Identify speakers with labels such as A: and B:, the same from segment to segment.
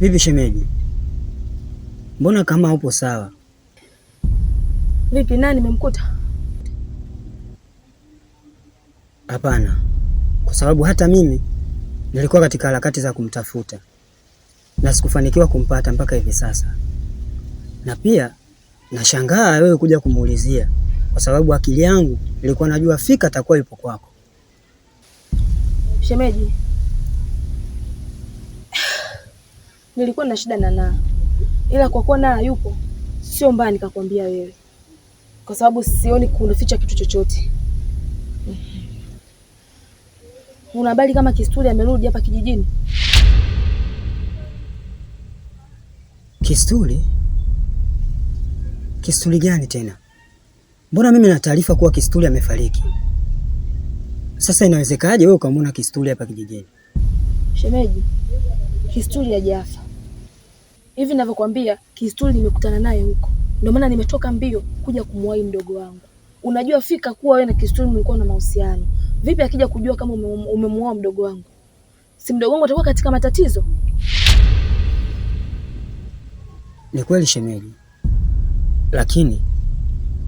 A: Vipi shemeji, mbona kama upo sawa?
B: Vipi, nani nimemkuta?
A: Hapana, kwa sababu hata mimi nilikuwa katika harakati za kumtafuta na sikufanikiwa kumpata mpaka hivi sasa, na pia nashangaa wewe kuja kumuulizia, kwa sababu akili yangu nilikuwa najua fika atakuwa yupo kwako
B: shemeji. nilikuwa na shida na Naa, ila kwa kuwa Naa yupo, sio mbaya nikakwambia wewe, kwa sababu sioni kunificha kitu chochote. Una habari kama Kisturi amerudi hapa kijijini?
A: Kisturi? Kisturi gani tena? Mbona mimi na taarifa kuwa Kisturi amefariki. Sasa inawezekaje wewe ukamwona Kisturi hapa kijijini?
B: Shemeji, Kisturi hajafa, Hivi ninavyokuambia kisturi nimekutana naye huko. Ndio maana nimetoka mbio kuja kumwahi mdogo wangu. Unajua fika kuwa wewe na kisturi mlikuwa na mahusiano. Vipi akija kujua kama umemuoa mdogo wangu? Si mdogo wangu atakuwa katika matatizo?
A: Ni kweli shemeji, lakini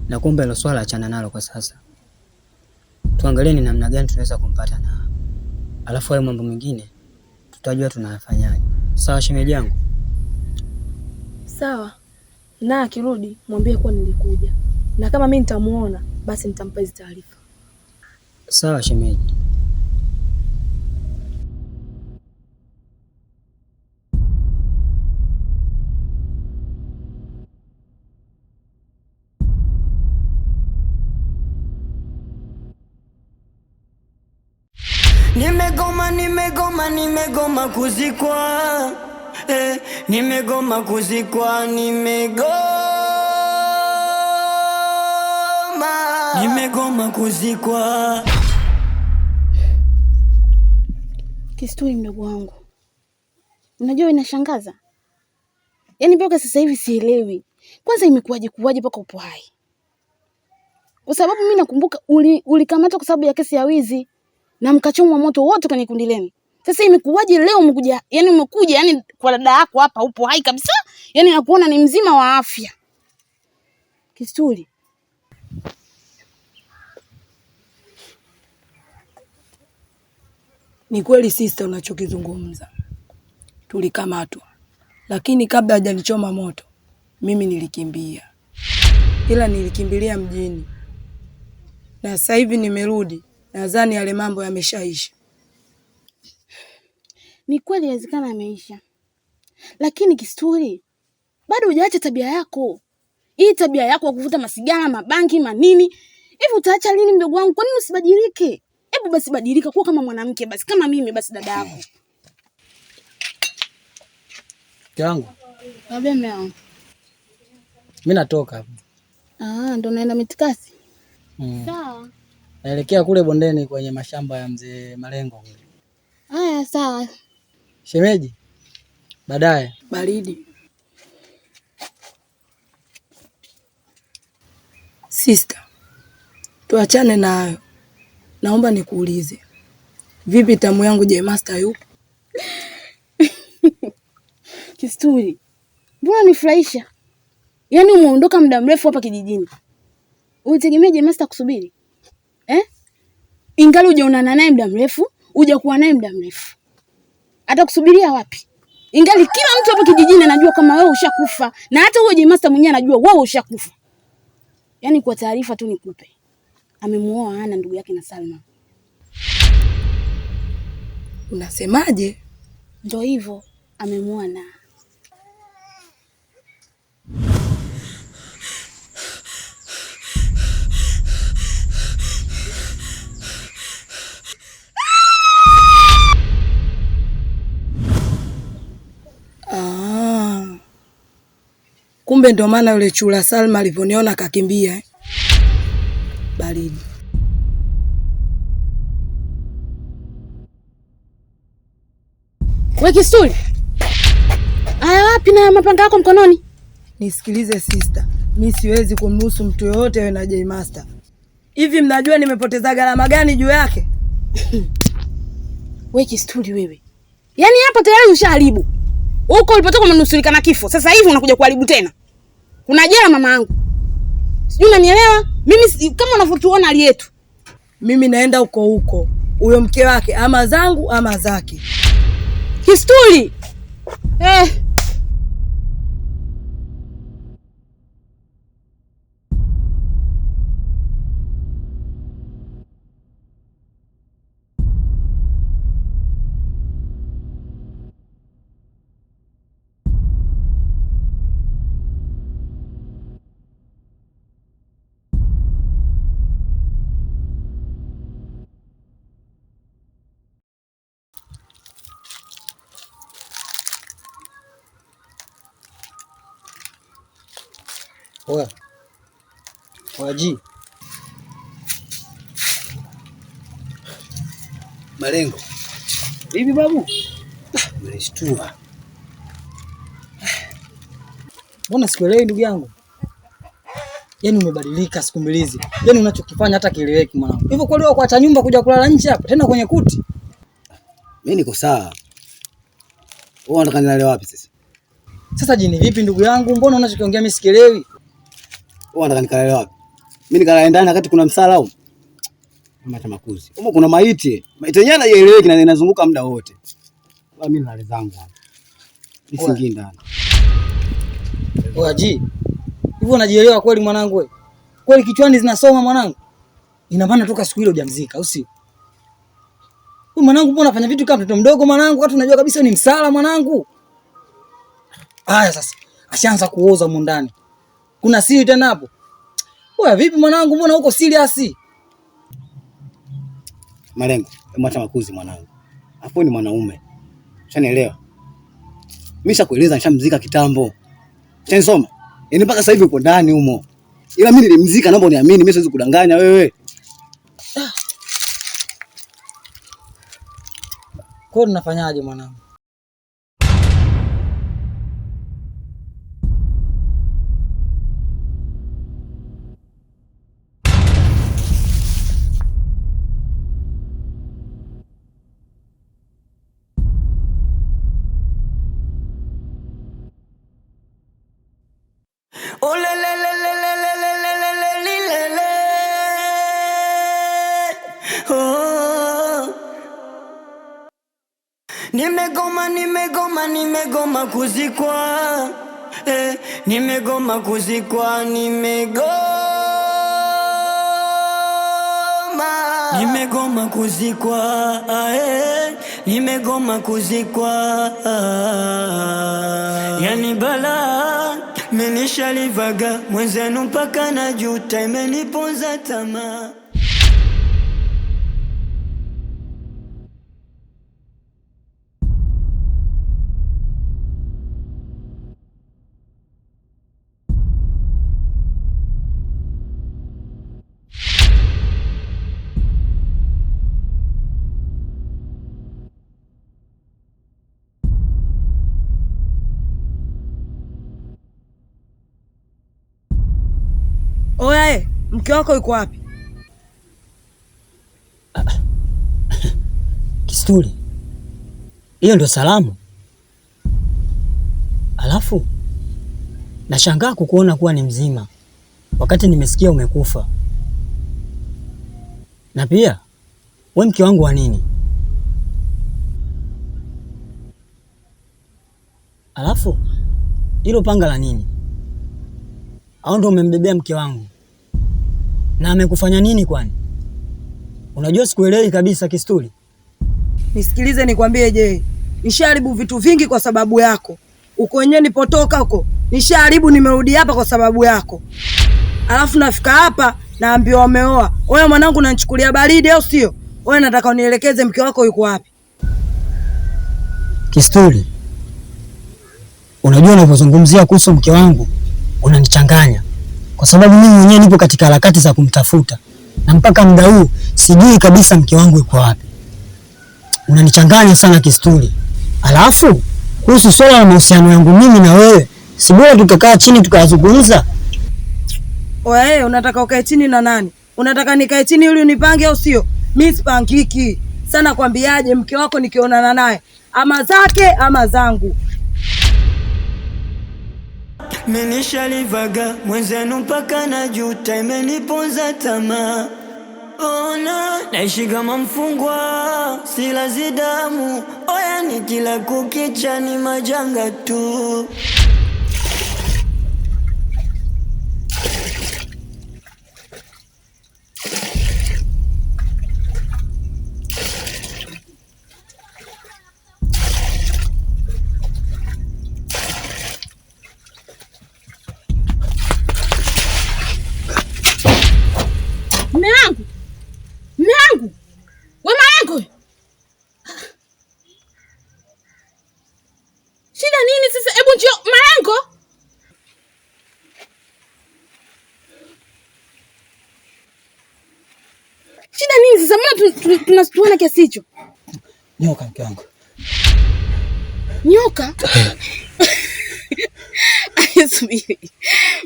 A: nakuomba hilo swala achana nalo kwa sasa. Tuangalie ni namna gani tunaweza kumpata na alafu hayo mambo mengine tutajua tunayafanyaje. Sawa shemeji yangu?
B: sawa, na akirudi mwambie kuwa nilikuja, na kama mi nitamuona basi nitampa hizi taarifa.
A: Sawa shemeji.
B: Nimegoma, nimegoma, nimegoma kuzikwa eh, nimegoma kuzikwa, nimegoma, nimegoma kuzikwa. Kisturi mdogo wangu, unajua inashangaza, yaani mpaka sasa hivi sielewi, kwanza imekuwaje kuwaje mpaka upo hai? Kwa sababu mi nakumbuka ulikamatwa uli kwa sababu ya kesi ya wizi na mkachomwa moto wote kwenye kundi lenu. Sasa imekuwaje leo umekuja? Yaani umekuja yani kwa dada yako hapa upo hai kabisa. Yaani nakuona ni mzima wa afya. Kisturi.
C: Ni kweli sister, unachokizungumza tulikamatwa, lakini kabla hajanichoma moto mimi nilikimbia, ila nilikimbilia mjini na sasa hivi nimerudi, nadhani yale mambo yameshaisha.
B: Ni kweli inawezekana ameisha, lakini Kisturi, bado hujaacha tabia yako hii, tabia yako ya kuvuta masigara, mabangi, manini hivi. Utaacha lini mdogo wangu? Kwa nini usibadilike? Hebu basi badilika, kuwa kama mwanamke basi, kama mimi basi, dada yako yangu. Babe, mimi natoka Ah, ndo naenda mitikasi. Mm. Sawa.
A: Naelekea kule bondeni kwenye mashamba ya mzee Malengo
B: Haya, sawa.
A: Shemeji, baadaye.
C: Baridi. sista tuachane na hayo. Naomba nikuulize, vipi tamu yangu Master yupo?
B: Kisturi, mbona nifurahisha? Yaani umeondoka muda mrefu hapa kijijini, ulitegemea Master kusubiri eh? Ingali hujaonana naye muda mrefu, hujakuwa naye muda mrefu atakusubiria wapi? Ingali kila mtu hapa kijijini anajua kama wewe ushakufa, na hata huyo Jimasta mwenyewe anajua wewe ushakufa. Yaani kwa taarifa tu nikupe, amemuoa Ana ndugu yake na Salma.
C: Unasemaje?
B: Ndio hivyo, amemuoa na
C: Kumbe ndio maana yule chula Salma alivyoniona akakimbia eh?
A: Baridi.
B: Wekisuli, aya wapi na mapanga yako mkononi?
C: Nisikilize sister, mi siwezi kumruhusu mtu yoyote awe na J Master. Hivi mnajua nimepoteza gharama gani juu yake?
B: We Kistuli wewe, yaani hapo tayari ushaharibu. Huko ulipotoka umenusurika na kifo, sasa hivi unakuja kuharibu tena. Kuna jela mama yangu, sijui unanielewa mimi, kama unavyotuona hali yetu.
C: Mimi naenda huko huko, huyo mke wake ama zangu ama zake
B: kistuli eh.
A: Waji malengo vipi babu? Mlishtua mbona? Sikuelewi ndugu yangu, yaani umebadilika siku mbili hizi, yaani unachokifanya hata kieleweki mwanangu. Hivyo kweli kuacha nyumba kuja kulala nje hapa tena kwenye kuti? Mimi niko sawa, unataka nilale wapi sasa? Sasa jini vipi ndugu yangu, mbona unachokiongea mimi sikielewi? Unataka nikalale wapi? Mimi nikalala ndani wakati kuna msala huko. Mama cha makuzi. Huko kuna maiti. Maiti yenyewe haieleweki na inazunguka muda wote. Mimi nalala zangu hapa. nisingi ndani. Oaji. Hivyo unajielewa kweli mwanangu wewe? Kweli kichwani zinasoma mwanangu? Ina maana toka siku ile hujamzika, au sio? Wewe mwanangu, mbona unafanya vitu kama mtoto mdogo mwanangu? Watu unajua kabisa ni msala mwanangu. Haya sasa. Ashaanza kuoza mundani Kuna siri tena hapo. Wewe vipi mwanangu, mbona uko serious? Malengo, mwacha makuzi mwanangu. Afu ni mwanaume. Ushanielewa? Mimi shakueleza nishamzika kitambo. Ushanisoma? Yaani mpaka sasa hivi uko ndani humo. Ila mimi nilimzika, naomba uniamini, mimi siwezi kudanganya wewe. Ah. Kwa nini nafanyaje mwanangu? Nimegoma, nimegoma, nimegoma kuzikwa eh, nimegoma kuzikwa, nimegoma, nimegoma kuzikwa eh, nimegoma kuzikwa yani bala menishalivaga mwenzenu mpaka najuta imeniponza tamaa. mke wako yuko wapi? Kisturi, hiyo ndio salamu? Alafu nashangaa kukuona kuwa ni mzima wakati nimesikia umekufa. Na pia we mke wangu wa nini? Alafu hilo panga la nini? Au ndo umembebea mke wangu? Na amekufanya nini kwani? Unajua sikuelewi kabisa Kistuli.
C: Nisikilize nikwambie, je, nishaharibu vitu vingi kwa sababu yako. Uko wenyewe nipotoka huko, nishaharibu nimerudi hapa kwa sababu yako. Alafu nafika hapa naambiwa wameoa. Wewe mwanangu unanichukulia baridi au sio? Wewe nataka unielekeze mke wako yuko wapi?
A: Kistuli. Unajua unavyozungumzia kuhusu mke wangu unanichanganya kwa sababu mimi mwenyewe nipo katika harakati za kumtafuta na mpaka muda huu sijui kabisa mke wangu yuko wapi. Unanichanganya sana kisturi. Alafu kuhusu swala la mahusiano yangu mimi na wewe, si bora tukakaa chini tukazungumza?
C: Wewe unataka ukae chini na nani? Unataka nikae chini ili unipange au sio? Mimi sipangiki sana. Kwambiaje, mke wako nikionana naye ama zake ama zangu minishalivaga mwenzenu mpaka na juta, imeniponza tamaa. Ona naishi kama mfungwa, silazi damu. Oya, ni kila kukicha ni oh oh, majanga tu.
B: tunasituana kiasi hicho?
A: Nyoka mke wangu,
B: nyoka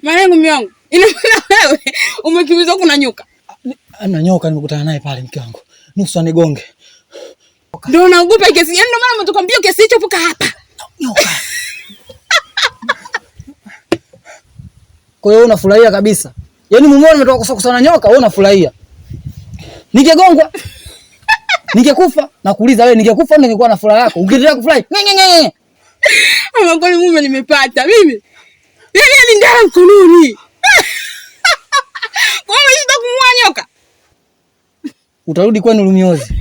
B: mwanangu, mke wangu, ina maana wewe umekimbizwa huku na nyoka?
A: Ana nyoka nimekutana naye pale mke wangu, nusu anigonge.
B: Ndio unaogopa kiasi gani? Ndio maana umetukwambia kiasi hicho, puka hapa
A: nyoka. Kwa hiyo unafurahia kabisa, yaani mumeona umetoka kusokosana nyoka, wewe unafurahia Ningegongwa. Ningekufa na kuuliza wewe ningekufa ningekuwa na furaha yako. ungeendelea kufurahi. Ngenge.
B: Ama kwani mume nimepata mimi? Yaani ni ndara mkononi. Kwa nini nyoka?
A: Utarudi kwenu Lumiozi.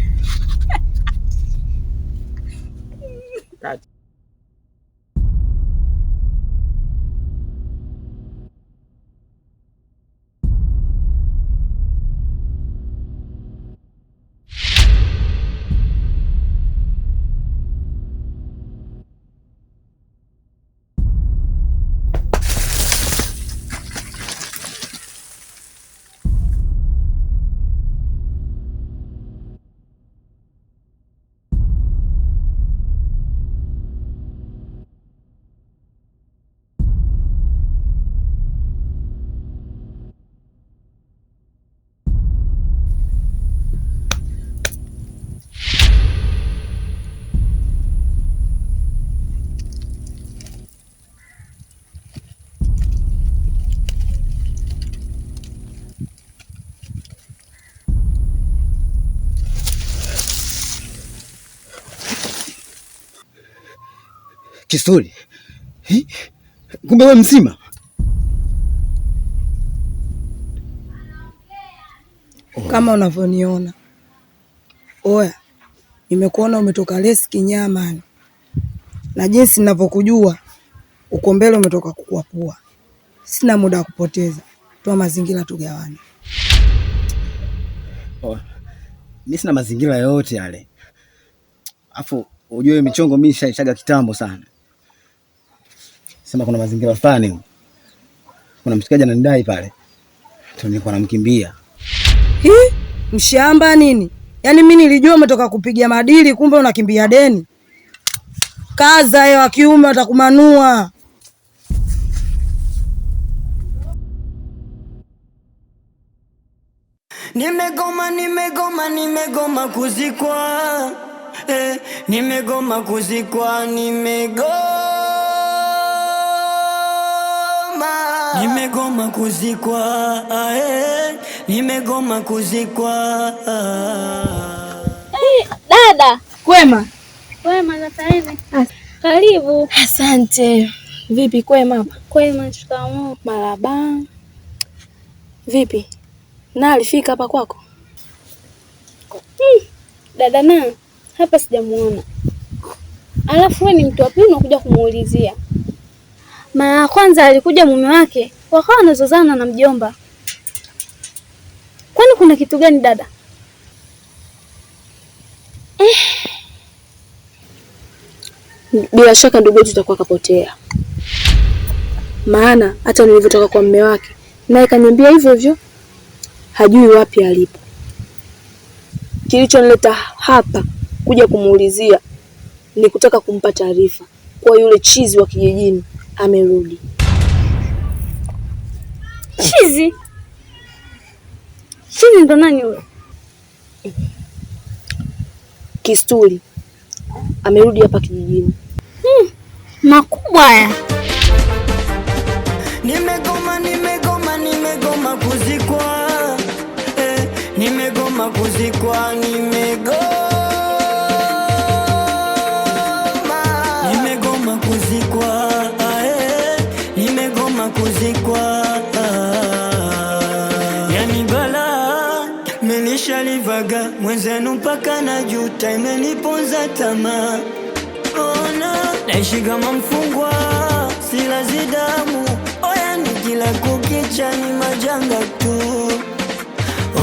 A: kisuri kumbe wewe mzima?
C: Kama unavyoniona oya, nimekuona umetoka lesi kinyama, na jinsi ninavyokujua uko mbele, umetoka kukwapua. Sina muda wa kupoteza, toa mazingira tugawane.
A: Oh, mi sina mazingira yoyote yale, afu ujue michongo mi shaishaga kitambo sana sema kuna mazingira fulani, kuna mshikaji ananidai pale, nilikuwa namkimbia.
C: Hi, mshamba nini? Yaani mimi nilijua umetoka kupiga madili, kumbe unakimbia deni. Kaza ye wa kiume, watakumanua. Nimegoma, nimegoma, nimegoma kuzikwa eh, nimegoma kuzikwa,
B: nimegoma Nimegoma kuzikwa, ae, eh, nimegoma kuzikwa. Hey, dada kwema? Kwema sasa Karibu.
C: Asante. Vipi kwema hapa?
B: Kwema, shikamoo. Maraba.
C: Vipi? Na alifika hapa kwako?
B: Hmm. Dada na hapa sijamuona, alafu wewe ni mtu wapi unakuja kumuulizia mara ya kwanza alikuja mume wake, wakawa wanazozana na mjomba. Kwani kuna kitu gani dada? Eh,
C: bila shaka ndugu yetu itakuwa kapotea, maana hata nilivyotoka kwa mume wake naye kaniambia hivyo hivyo, hajui wapi alipo. Kilichonileta hapa kuja kumuulizia ni kutaka kumpa taarifa kwa yule chizi wa kijijini amerudi.
B: Chizi chizi ndo nani huyo?
C: Kisturi amerudi hapa kijijini.
B: Hmm, makubwa haya. Nimegoma, nimegoma, nimegoma kuzikwa eh, nimegoma kuzikwa, nimegoma naivaga mwenzenu mpaka na juta, imeniponza tamaa. Ona naishi kama mfungwa, sila zidamu Oya ni kila kukicha ni majanga tu.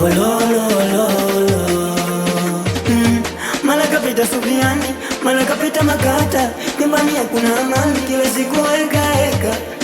B: Ololololo mm. Mala kapita subiani, mala kapita makata, nyumbani hakuna amani, kiwezi siku